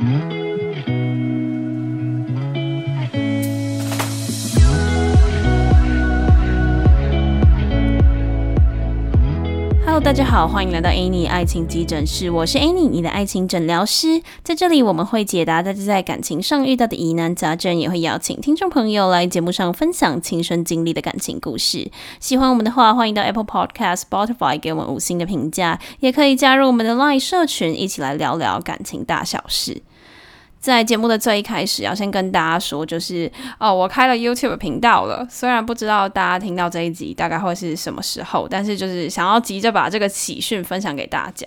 Hello，大家好，歡迎來到 Annie 愛情急診室，我是 Annie，你的愛情診療師。在這裡，我們會解答大家在感情上遇到的疑難雜症，也會邀請聽眾朋友來節目上分享親身經歷的感情故事。喜歡我們的話，歡迎到 Apple Podcast、Spotify 給我們五星的評價，也可以加入我們的 LINE 社群，一起來聊聊感情大小事。在節目的最一開始，要先跟大家說，就是哦，我開了 YouTube 頻道了。雖然不知道大家聽到這一集大概會是什麼時候，但是就是想要急着把這個喜訊分享給大家。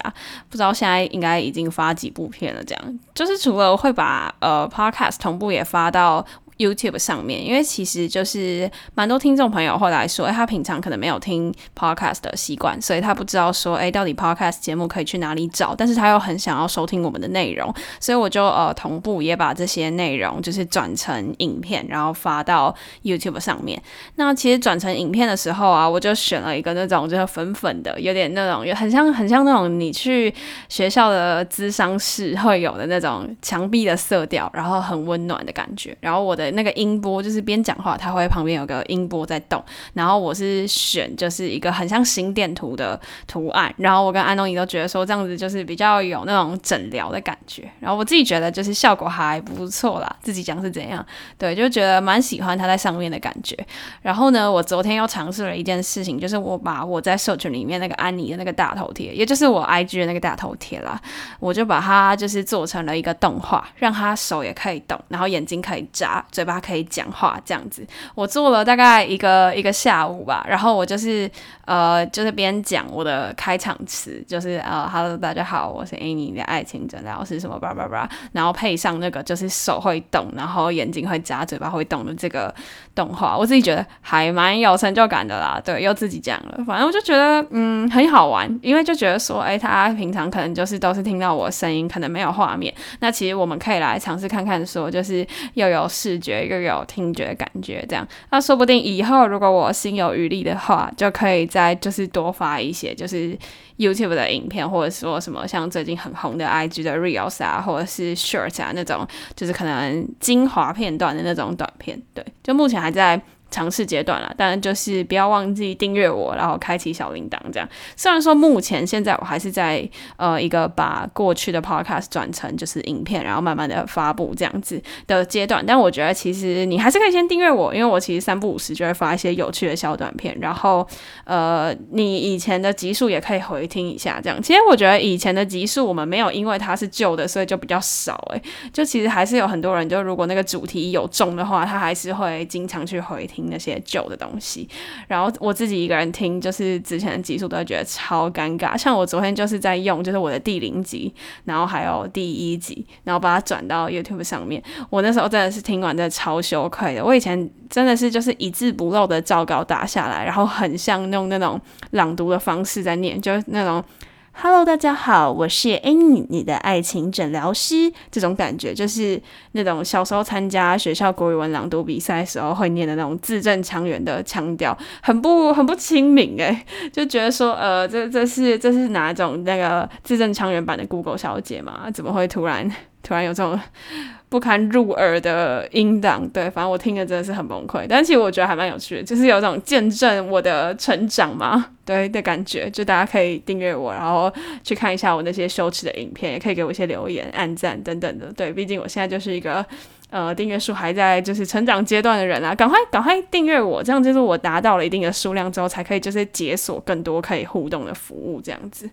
不知道現在應該已經發幾部片了，這樣。就是除了會把呃 Podcast 同步也發到。YouTube 上面，因為其實就是蠻多聽眾朋友後來說，哎、欸，他平常可能沒有聽 Podcast 的習慣，所以他不知道說，哎、欸，到底 Podcast 節目可以去哪裡找，但是他又很想要收聽我們的內容，所以我就呃同步也把這些內容就是轉成影片，然後發到 YouTube 上面。那其實轉成影片的時候啊，我就選了一個那種就是粉粉的，有點那種很像很像那種你去學校的諮商室會有的那種牆壁的色調，然後很溫暖的感覺。然後我的。那個音波就是邊講話，它會旁邊有個音波在動。然後我是選就是一個很像心電圖的圖案。然後我跟安東尼都覺得說這樣子就是比較有那種診療的感覺。然後我自己覺得就是效果還不錯啦，自己講是怎樣？對，就覺得蠻喜歡它在上面的感覺。然後呢，我昨天又嘗試了一件事情，就是我把我在社群裡面那個安妮的那個大頭貼，也就是我 IG 的那個大頭貼啦，我就把它就是做成了一個動畫，讓它手也可以動，然後眼睛可以眨。嘴巴可以講話這樣子，我做了大概一個一個下午吧，然後我就是呃，就是邊講我的開場詞，就是呃，Hello，大家好，我是 Annie 的愛情診療師什麼巴拉巴拉，然後配上那個就是手會動，然後眼睛會眨，嘴巴會動的這個動畫，我自己覺得還蠻有成就感的啦。對，又自己講了，反正我就覺得嗯，很好玩，因為就覺得說，哎、欸，他平常可能就是都是聽到我聲音，可能沒有畫面，那其實我們可以來嘗試看看，說就是又有視覺覺又有聽覺感覺這樣，那說不定以後如果我心有餘力的話，就可以再就是多發一些，就是 YouTube 的影片，或者說什麼像最近很紅的 IG 的 Reels 啊，或者是 Shorts 啊那種，就是可能精華片段的那種短片。對，就目前還在。嘗試階段了，當然就是不要忘記訂閱我，然後開啟小鈴鐺這樣。雖然說目前現在我還是在呃一個把過去的 podcast 轉成就是影片，然後慢慢的發布這樣子的階段，但我覺得其實你還是可以先訂閱我，因為我其實三不五時就會發一些有趣的小短片，然後呃你以前的集數也可以回聽一下。這樣，其實我覺得以前的集數我們沒有，因為它是舊的，所以就比較少哎、欸，就其實還是有很多人，就如果那個主題有中的話，他還是會經常去回聽。那些舊的東西，然後我自己一個人聽，就是之前的集數都會覺得超尷尬。像我昨天就是在用，就是我的第零集，然後還有第一集，然後把它轉到 YouTube 上面。我那時候真的是聽完真的超羞愧的。我以前真的是就是一字不漏的照稿打下來，然後很像用那種朗讀的方式在念，就那種。Hello，大家好，我是 Annie，你的愛情診療師。這種感覺就是那種小時候參加學校國語文朗讀比賽時候會念的那種字正腔圓的腔調，很不，很不親民哎，就覺得說呃，這這是這是哪種那個字正腔圓版的 Google 小姐嘛？怎麼會突然？突然有這種不堪入耳的音檔，對，反正我聽著真的是很崩潰。但其實我覺得還蠻有趣的，就是有種見證我的成長嘛，對的感覺。就大家可以訂閱我，然後去看一下我那些羞恥的影片，也可以給我一些留言、按讚等等的。對，畢竟我現在就是一個呃訂閱數還在就是成長階段的人啊，趕快趕快訂閱我，這樣就是我達到了一定的數量之後，才可以就是解鎖更多可以互動的服務這樣子。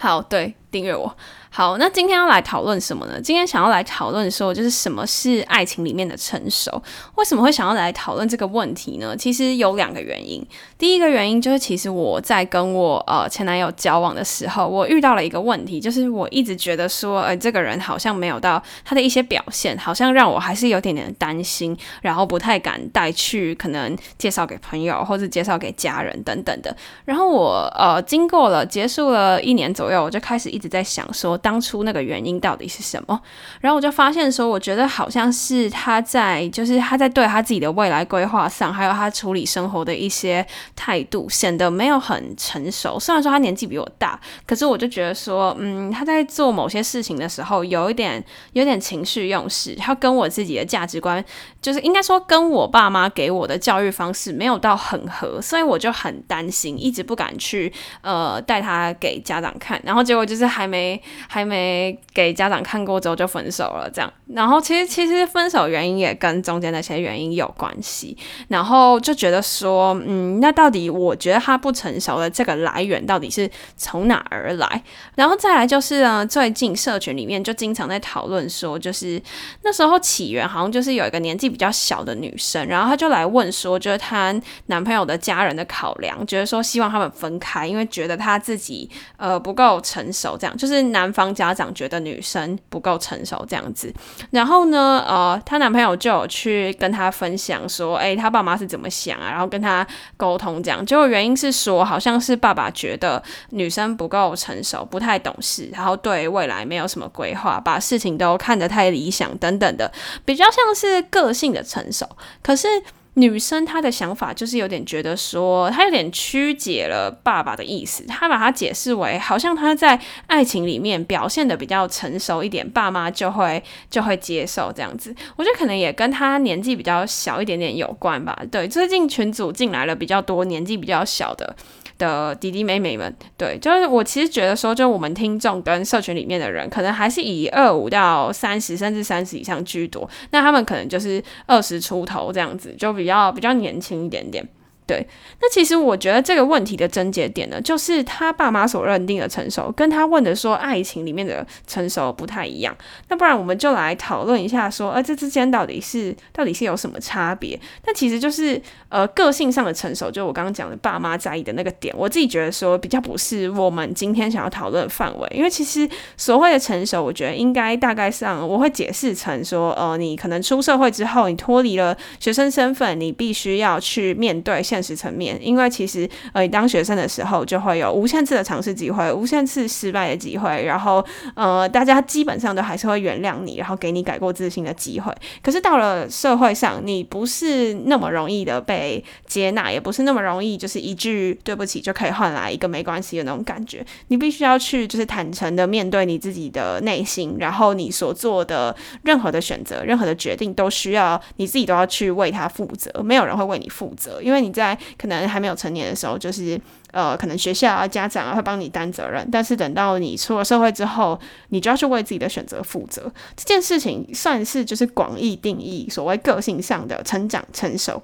好，對。訂閱我。好，那今天要來討論什麼呢？今天想要來討論說，就是什麼是愛情裡面的成熟？為什麼會想要來討論這個問題呢？其實有兩個原因。第一個原因就是，其實我在跟我呃前男友交往的時候，我遇到了一個問題，就是我一直覺得說，哎、呃，這個人好像沒有到他的一些表現，好像讓我還是有點點擔心，然後不太敢帶去可能介紹給朋友或者介紹給家人等等的。然後我呃經過了結束了一年左右，我就開始一。一直在想說當初那個原因到底是什麼，然後我就發現說，我覺得好像是他在，就是他在對他自己的未來規劃上，還有他處理生活的一些態度，顯得沒有很成熟。雖然說他年紀比我大，可是我就覺得說，嗯，他在做某些事情的時候，有一點，有點情緒用事。他跟我自己的價值觀，就是應該說跟我爸媽給我的教育方式沒有到很合，所以我就很擔心，一直不敢去呃帶他給家長看，然後結果就是。還沒還沒給家長看過，之後就分手了，這樣，然後其實其實分手原因也跟中間那些原因有關係，然後就覺得說，嗯，那到底我覺得他不成熟的這個來源到底是從哪而來？然後再來就是，呢，最近社群裡面就經常在討論說，就是那時候起源好像就是有一個年紀比較小的女生，然後她就來問說，就是她男朋友的家人的考量，覺得說希望他們分開，因為覺得她自己呃不夠成熟。這樣就是男方家長覺得女生不夠成熟這樣子，然後呢，呃，她男朋友就有去跟她分享說，欸，她爸媽是怎麼想啊？然後跟她溝通這樣，結果原因是說，好像是爸爸覺得女生不夠成熟，不太懂事，然後對未來沒有什麼規劃，把事情都看得太理想等等的，比較像是個性的成熟，可是。女生她的想法就是有點覺得說，她有點曲解了爸爸的意思，她把它解釋為好像她在愛情裡面表現得比較成熟一點，爸媽就會就會接受這樣子。我覺得可能也跟她年紀比較小一點點有關吧。對，最近群組進來了比較多年紀比較小的。的弟弟妹妹們，對，就是我其實覺得說，就我們聽眾跟社群裡面的人，可能還是以二五到三十，甚至三十以上居多。那他們可能就是二十出頭這樣子，就比較比較年輕一點點。對，那其實我覺得這個問題的症結點呢，就是他爸媽所認定的成熟，跟他問的說愛情裡面的成熟不太一樣。那不然我們就來討論一下，說，呃，這之間到底是到底是有什麼差別？那其實就是，呃，個性上的成熟，就我剛剛講的爸媽在意的那個點，我自己覺得說比較不是我們今天想要討論的範圍，因為其實所謂的成熟，我覺得應該大概上我會解釋成說，呃，你可能出社會之後，你脫離了學生身份，你必須要去面對現實層面，因為其實呃，當學生的時候就會有無限次的嘗試機會，無限次失敗的機會。然後呃，大家基本上都還是會原諒你，然後給你改過自新的機會。可是到了社會上，你不是那麼容易的被接納，也不是那麼容易，就是一句對不起就可以換來一個沒關係的那種感覺。你必須要去就是坦誠的面對你自己的內心，然後你所做的任何的選擇、任何的決定，都需要你自己都要去為他負責。沒有人會為你負責，因為你在。可能還沒有成年的時候，就是呃，可能學校啊、家長啊會幫你擔責任，但是等到你出了社會之後，你就要去為自己的選擇負責。這件事情算是就是廣義定義所謂個性上的成長成熟。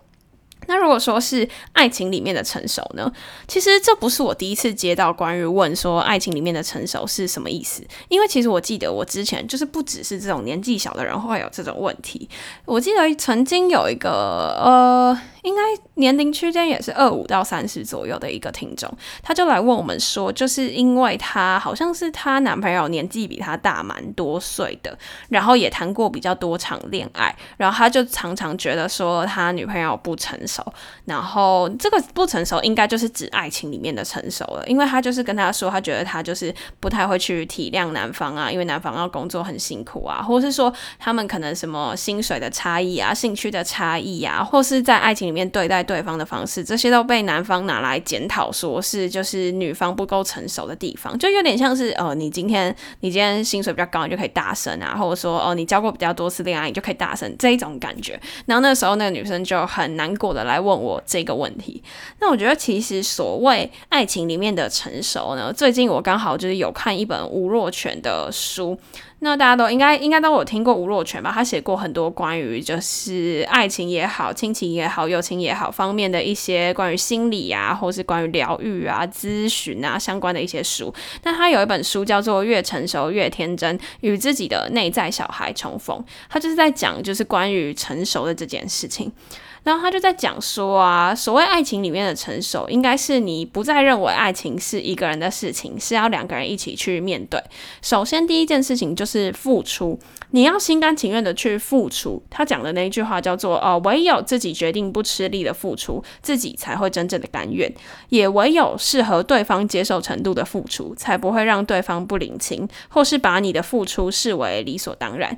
那如果說是愛情裡面的成熟呢？其實這不是我第一次接到關於問說愛情裡面的成熟是什麼意思，因為其實我記得我之前就是不只是這種年紀小的人會有這種問題，我記得曾經有一個呃。應該年齡區間也是二五到三十左右的一個聽眾，他就來問我們說，就是因為他好像是他男朋友年紀比他大蠻多歲的，然後也談過比較多場戀愛，然後他就常常覺得說他女朋友不成熟，然後這個不成熟應該就是指愛情裡面的成熟了，因為他就是跟他說，他覺得他就是不太會去體諒男方啊，因為男方要工作很辛苦啊，或是說他們可能什麼薪水的差異啊、興趣的差異啊，或是在愛情裡面的差異。面對待對方的方式，這些都被男方拿來檢討，說是就是女方不夠成熟的地方，就有點像是呃，你今天你今天薪水比較高，你就可以大聲啊，或者說哦、呃，你交過比較多次戀愛，你就可以大聲這一種感覺。然後那時候那個女生就很難過的來問我這個問題。那我覺得其實所謂愛情裡面的成熟呢，最近我剛好就是有看一本吳若權的書。那大家都應該應該都有聽過吳若權吧？他寫過很多關於就是愛情也好、親情也好、友情也好方面的一些關於心理啊，或是關於療癒啊、諮詢啊相關的一些書。那他有一本書叫做《越成熟越天真：與自己的內在小孩重逢》，他就是在講就是關於成熟的這件事情。然後他就在講說啊，所謂愛情裡面的成熟，應該是你不再認為愛情是一個人的事情，是要兩個人一起去面對。首先第一件事情就是付出，你要心甘情願的去付出。他講的那一句話叫做：呃，唯有自己決定不吃力的付出，自己才會真正的甘願。也唯有適合對方接受程度的付出，才不會讓對方不領情，或是把你的付出視為理所當然。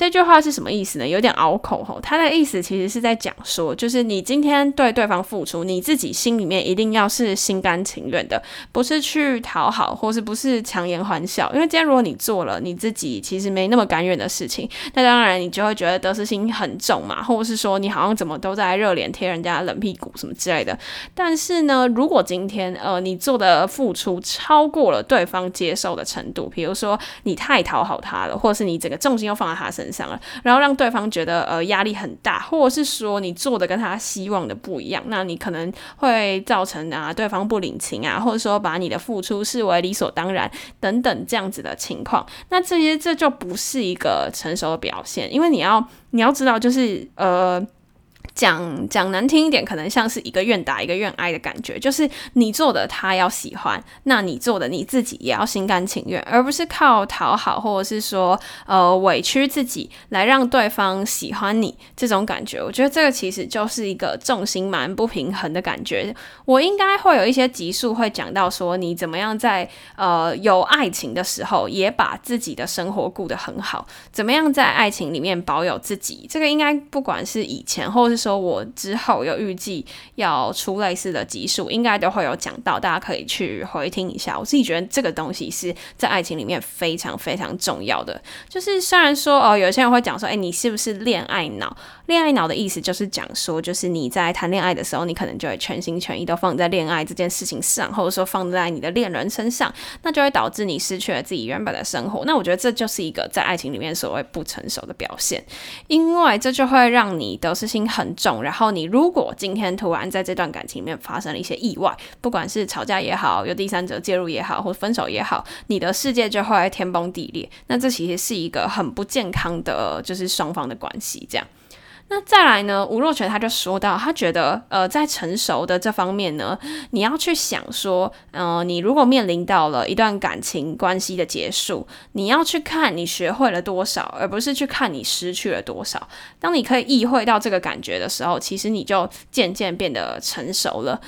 這句話是什麼意思呢？有點拗口吼。他的意思其實是在講說，就是你今天對對方付出，你自己心裡面一定要是心甘情願的，不是去討好，或是不是強顏歡笑。因為今天如果你做了你自己其實沒那麼甘願的事情，那當然你就會覺得得失心很重嘛，或者是說你好像怎麼都在熱臉貼人家冷屁股什麼之類的。但是呢，如果今天呃你做的付出超過了對方接受的程度，比如說你太討好他了，或者是你整個重心又放在他身上。想了，然後讓對方覺得呃，壓力很大，或者是說你做的跟他希望的不一樣，那你可能會造成啊對方不領情啊，或者說把你的付出視為理所當然等等這樣子的情況。那這些這就不是一個成熟的表現，因為你要你要知道就是呃。講講難聽一點，可能像是一個願打一個願挨的感覺，就是你做的他要喜歡，那你做的你自己也要心甘情願，而不是靠討好或者是說呃委屈自己來讓對方喜歡你這種感覺。我覺得這個其實就是一個重心蠻不平衡的感覺。我應該會有一些集數會講到說，你怎麼樣在呃有愛情的時候，也把自己的生活顧得很好，怎麼樣在愛情裡面保有自己。這個應該不管是以前或者是說。我之後有預計要出類似的集數，應該都會有講到，大家可以去回聽一下。我自己覺得這個東西是在愛情裡面非常非常重要的。就是雖然說哦、呃，有些人會講說，哎、欸，你是不是戀愛腦？戀愛腦的意思就是講說，就是你在談戀愛的時候，你可能就會全心全意都放在戀愛這件事情上，或者說放在你的戀人身上，那就會導致你失去了自己原本的生活。那我覺得這就是一個在愛情裡面所謂不成熟的表現，因為這就會讓你得失心很。重。然後你如果今天突然在這段感情裡面發生了一些意外，不管是吵架也好，有第三者介入也好，或分手也好，你的世界就會天崩地裂。那這其實是一個很不健康的，就是雙方的關係這樣。那再來呢？吳若權他就說到，他覺得，呃，在成熟的這方面呢，你要去想說，嗯、呃，你如果面臨到了一段感情關係的結束，你要去看你學會了多少，而不是去看你失去了多少。當你可以意會到這個感覺的時候，其實你就漸漸變得成熟了。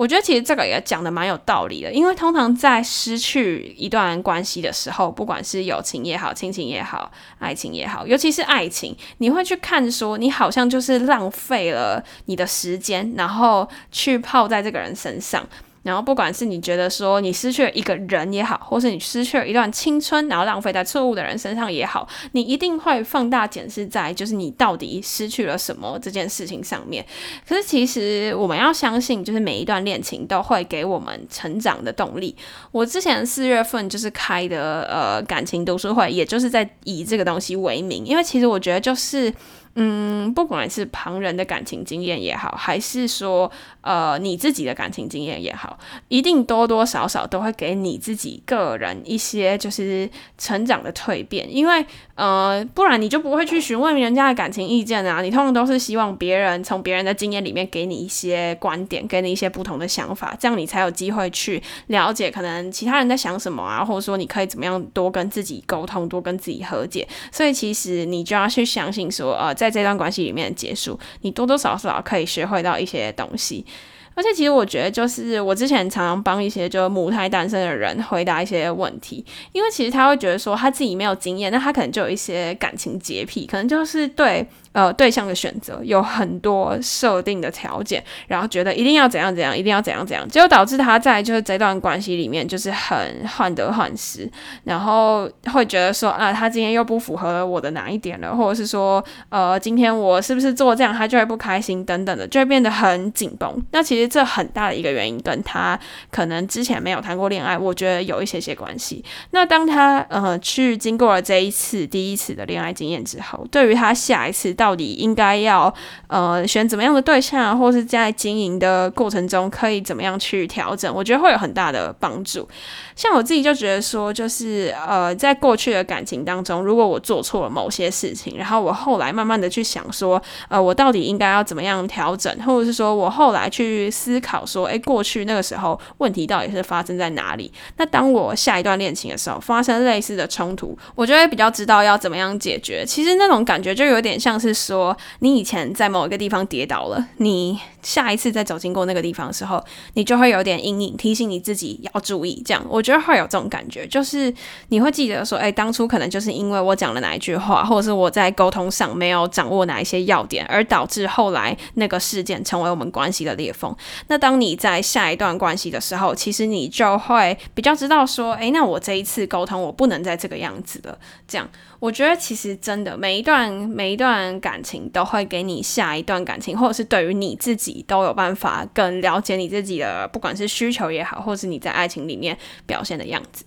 我覺得其實這個也講的蠻有道理的，因為通常在失去一段關係的時候，不管是友情也好、親情也好、愛情也好，尤其是愛情，你會去看說，你好像就是浪費了你的時間，然後去泡在這個人身上。然後，不管是你覺得說你失去了一個人也好，或是你失去了一段青春，然後浪費在錯誤的人身上也好，你一定會放大檢視在就是你到底失去了什麼這件事情上面。可是，其實我們要相信，就是每一段戀情都會給我們成長的動力。我之前四月份就是開的呃感情讀書會，也就是在以這個東西為名，因為其實我覺得就是。嗯，不管是旁人的感情經驗也好，還是說呃你自己的感情經驗也好，一定多多少少都會給你自己個人一些就是成長的蛻變，因為呃不然你就不會去詢問人家的感情意見啊，你通常都是希望別人從別人的經驗裡面給你一些觀點，給你一些不同的想法，這樣你才有機會去了解可能其他人在想什麼啊，或者說你可以怎麼樣多跟自己溝通，多跟自己和解，所以其實你就要去相信說呃。在這段關係裡面結束，你多多少少可以學會到一些東西。而且其實我覺得，就是我之前常常幫一些就母胎單身的人回答一些問題，因為其實他會覺得說他自己沒有經驗，那他可能就有一些感情潔癖，可能就是對呃對象的選擇有很多設定的條件，然後覺得一定要怎樣怎樣，一定要怎樣怎樣，結果導致他在就是這段關係裡面就是很患得患失，然後會覺得說啊、呃，他今天又不符合我的哪一點了，或者是說呃今天我是不是做這樣，他就會不開心等等的，就會變得很緊繃。那其實。其實這很大的一個原因，跟他可能之前沒有談過戀愛，我覺得有一些些關係。那當他呃去經過了這一次第一次的戀愛經驗之後，對於他下一次到底應該要呃選怎麼樣的對象，或是在經營的過程中可以怎麼樣去調整，我覺得會有很大的幫助。像我自己就覺得說，就是呃在過去的感情當中，如果我做錯了某些事情，然後我後來慢慢的去想說，呃我到底應該要怎麼樣調整，或者是說我後來去。思考說，欸，過去那個時候問題到底是發生在哪裡？那當我下一段戀情的時候，發生類似的衝突，我就會比較知道要怎麼樣解決。其實那種感覺就有點像是說，你以前在某一個地方跌倒了，你下一次再走經過那個地方的時候，你就會有點陰影，提醒你自己要注意。這樣，我覺得會有這種感覺，就是你會記得說，欸，當初可能就是因為我講了哪一句話，或者是我在溝通上沒有掌握哪一些要點，而導致後來那個事件成為我們關係的裂縫。那當你在下一段關係的時候，其實你就會比較知道說，哎、欸，那我這一次溝通，我不能再這個樣子了。這樣，我覺得其實真的每一段每一段感情都會給你下一段感情，或者是對於你自己都有辦法更了解你自己的，不管是需求也好，或是你在愛情裡面表現的樣子。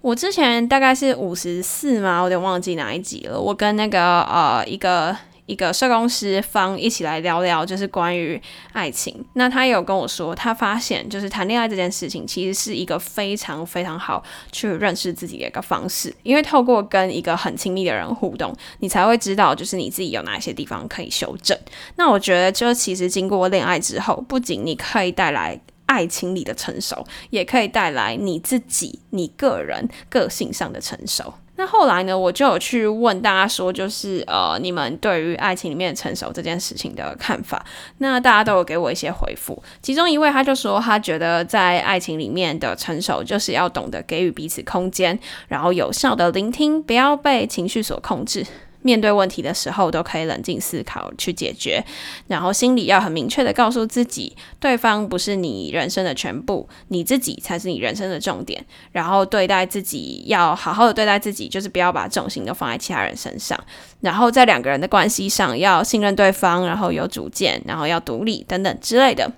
我之前大概是五十四嘛，我有點忘記哪一集了。我跟那個呃一個。一個社工師方，一起來聊聊，就是關於愛情。那他也有跟我說，他發現就是談戀愛這件事情，其實是一個非常非常好去認識自己的一個方式。因為透過跟一個很親密的人互動，你才會知道，就是你自己有哪些地方可以修正。那我覺得，就其實經過戀愛之後，不僅你可以帶來愛情裡的成熟，也可以帶來你自己、你個人個性上的成熟。那後來呢，我就有去問大家說，就是呃，你們對於愛情裡面成熟這件事情的看法。那大家都有給我一些回復，其中一位他就說，他覺得在愛情裡面的成熟就是要懂得給予彼此空間，然後有效的聆聽，不要被情緒所控制。面對問題的時候，都可以冷靜思考去解決。然後心裡要很明確的告訴自己，對方不是你人生的全部，你自己才是你人生的重點。然後對待自己，要好好的對待自己，就是不要把重心都放在其他人身上。然後在兩個人的關係上，要信任對方，然後有主見，然後要獨立，等等之類的。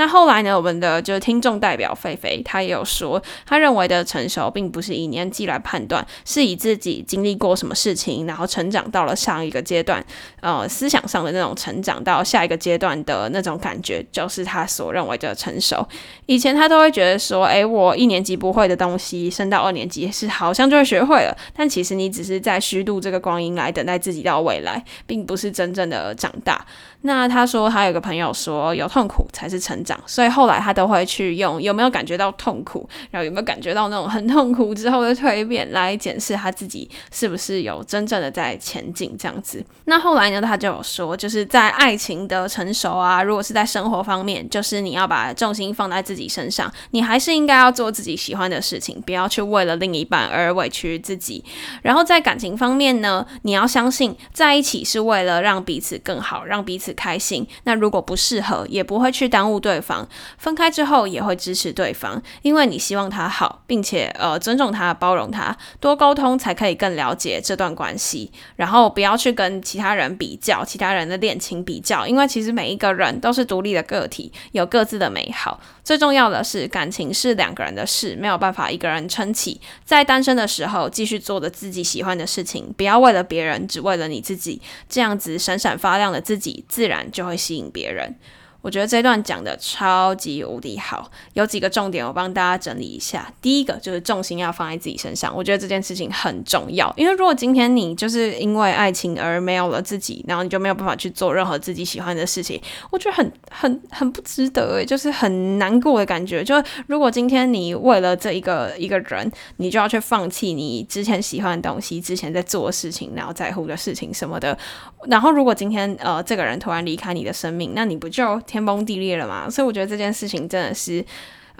那後來呢，我們的就是聽眾代表菲菲，他也有說，他認為的成熟並不是以年紀來判斷，是以自己經歷過什麼事情，然後成長到了上一個階段，呃，思想上的那種成長到下一個階段的那種感覺，就是他所認為的成熟。以前他都會覺得說，誒，我一年級不會的東西，升到二年級是好像就會學會了，但其實你只是在虛度這個光陰來等待自己到未來，並不是真正的長大。那他說他有個朋友說，有痛苦才是成長，所以後來他都會去用有沒有感覺到痛苦，然後有沒有感覺到那種很痛苦之後的蛻變來檢視他自己是不是有真正的在前進這樣子。那後來呢，他就有說，就是在愛情的成熟啊，如果是在生活方面，就是你要把重心放在自己身上，你還是應該要做自己喜歡的事情，不要去為了另一半而委屈自己。然後在感情方面呢，你要相信在一起是為了讓彼此更好，讓彼此更好，開心。那如果不適合，也不會去耽誤對方。分開之後也會支持對方，因為你希望他好，並且呃尊重他，包容他，多溝通才可以更了解這段關係。然後不要去跟其他人比較，其他人的戀情比較，因為其實每一個人都是獨立的個體，有各自的美好。最重要的是，感情是兩個人的事，沒有辦法一個人撐起。在單身的時候，繼續做着自己喜歡的事情，不要為了別人，只為了你自己，這樣子閃閃發亮的自己，自然就會吸引別人。我覺得這段講得超級無敵好，有幾個重點，我幫大家整理一下。第一個就是重心要放在自己身上，我覺得這件事情很重要。因為如果今天你就是因為愛情而沒有了自己，然後你就沒有辦法去做任何自己喜歡的事情，我覺得很很很不值得,就是很難過的感覺。就是如果今天你為了這一個一個人，你就要去放棄你之前喜歡的東西，之前在做的事情，然後在乎的事情什麼的。然後如果今天呃這個人突然離開你的生命，那你不就？天崩地裂了嘛，所以我覺得這件事情真的是。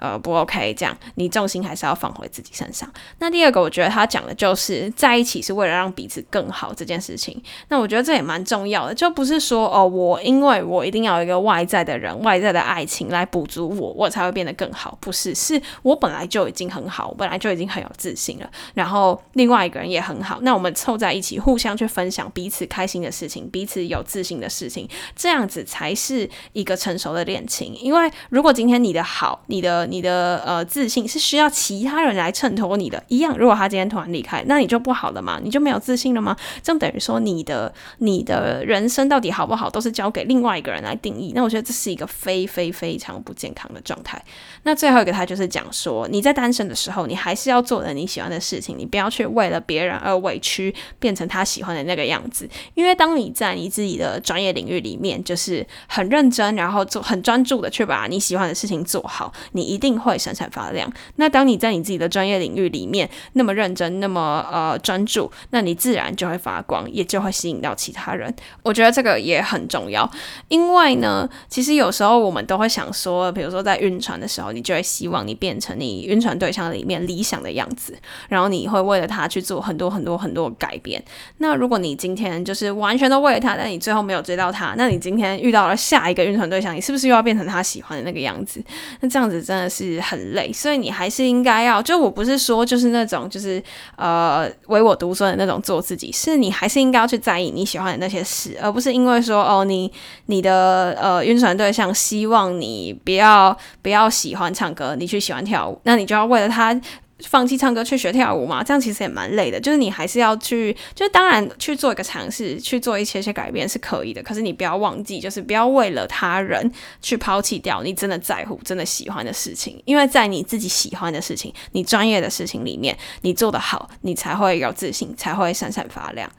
呃，不 OK，這樣你重心還是要放回自己身上。那第二個，我覺得他講的就是在一起是為了讓彼此更好這件事情。那我覺得這也蠻重要的，就不是說哦，我因為我一定要有一個外在的人、外在的愛情來補足我，我才會變得更好。不是，是我本來就已經很好，我本來就已經很有自信了。然後另外一個人也很好，那我們湊在一起，互相去分享彼此開心的事情，彼此有自信的事情，這樣子才是一個成熟的戀情。因為如果今天你的好，你的你的呃，自信是需要其他人來襯托你的，一樣。如果他今天突然離開，那你就不好了嗎？你就沒有自信了嗎？這樣等於說你的你的人生到底好不好，都是交給另外一個人來定義。那我覺得這是一個非非非常不健康的狀態。那最後一個他就是講說，你在單身的時候，你還是要做的你喜歡的事情，你不要去為了別人而委屈，變成他喜歡的那個樣子。因為當你在你自己的專業領域裡面，就是很認真，然後做很專注的去把你喜歡的事情做好，你。一定會閃閃發亮。那當你在你自己的專業領域裡面那麼認真、那麼呃專注，那你自然就會發光，也就會吸引到其他人。我覺得這個也很重要，因為呢，其實有時候我們都會想說，比如說在暈船的時候，你就會希望你變成你暈船對象裡面理想的樣子，然後你會為了他去做很多很多很多改變。那如果你今天就是完全都為了他，但你最後沒有追到他，那你今天遇到了下一個暈船對象，你是不是又要變成他喜歡的那個樣子？那這樣子真的，那是很累，所以你還是應該要，就我不是說就是那種就是呃唯我獨尊的那種做自己，是你還是應該要去在意你喜歡的那些事，而不是因為說哦你你的呃暈船對象希望你不要不要喜歡唱歌，你去喜歡跳舞，那你就要為了他。放棄唱歌去學跳舞嘛？這樣其實也蠻累的。就是你還是要去，就是當然去做一個嘗試，去做一些些改變是可以的。可是你不要忘記，就是不要為了他人去拋棄掉你真的在乎、真的喜歡的事情。因為在你自己喜歡的事情、你專業的事情裡面，你做得好，你才會有自信，才會閃閃發亮。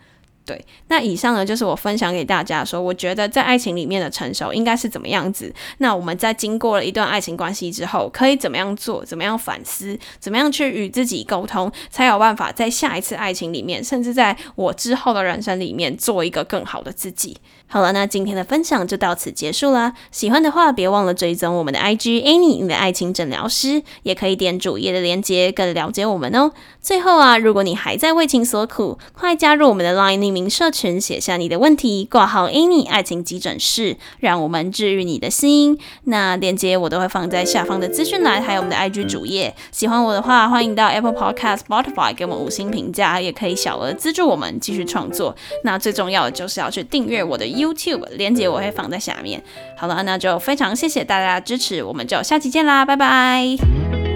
對，那以上呢就是我分享給大家說，說我覺得在愛情裡面的成熟應該是怎麼樣子。那我們在經過了一段愛情關係之後，可以怎麼樣做，怎麼樣反思，怎麼樣去與自己溝通，才有辦法在下一次愛情裡面，甚至在我之後的人生裡面，做一個更好的自己。好了，那今天的分享就到此結束啦，喜歡的話，別忘了追蹤我們的 IG Annie 你的愛情診療師，也可以點主頁的鏈接更了解我們哦。最後啊，如果你還在為情所苦，快加入我們的 Line。名社群寫下你的問題，掛號 Annie 愛情急診室，讓我們治癒你的心。那鏈接我都會放在下方的資訊欄，還有我們的 IG 主頁。喜歡我的話，歡迎到 Apple Podcast、Spotify 給我們五星評價，也可以小額資助我們繼續創作。那最重要的就是要去訂閱我的 YouTube，鏈接我會放在下面。好了，那就非常謝謝大家的支持，我們就下期見啦，拜拜。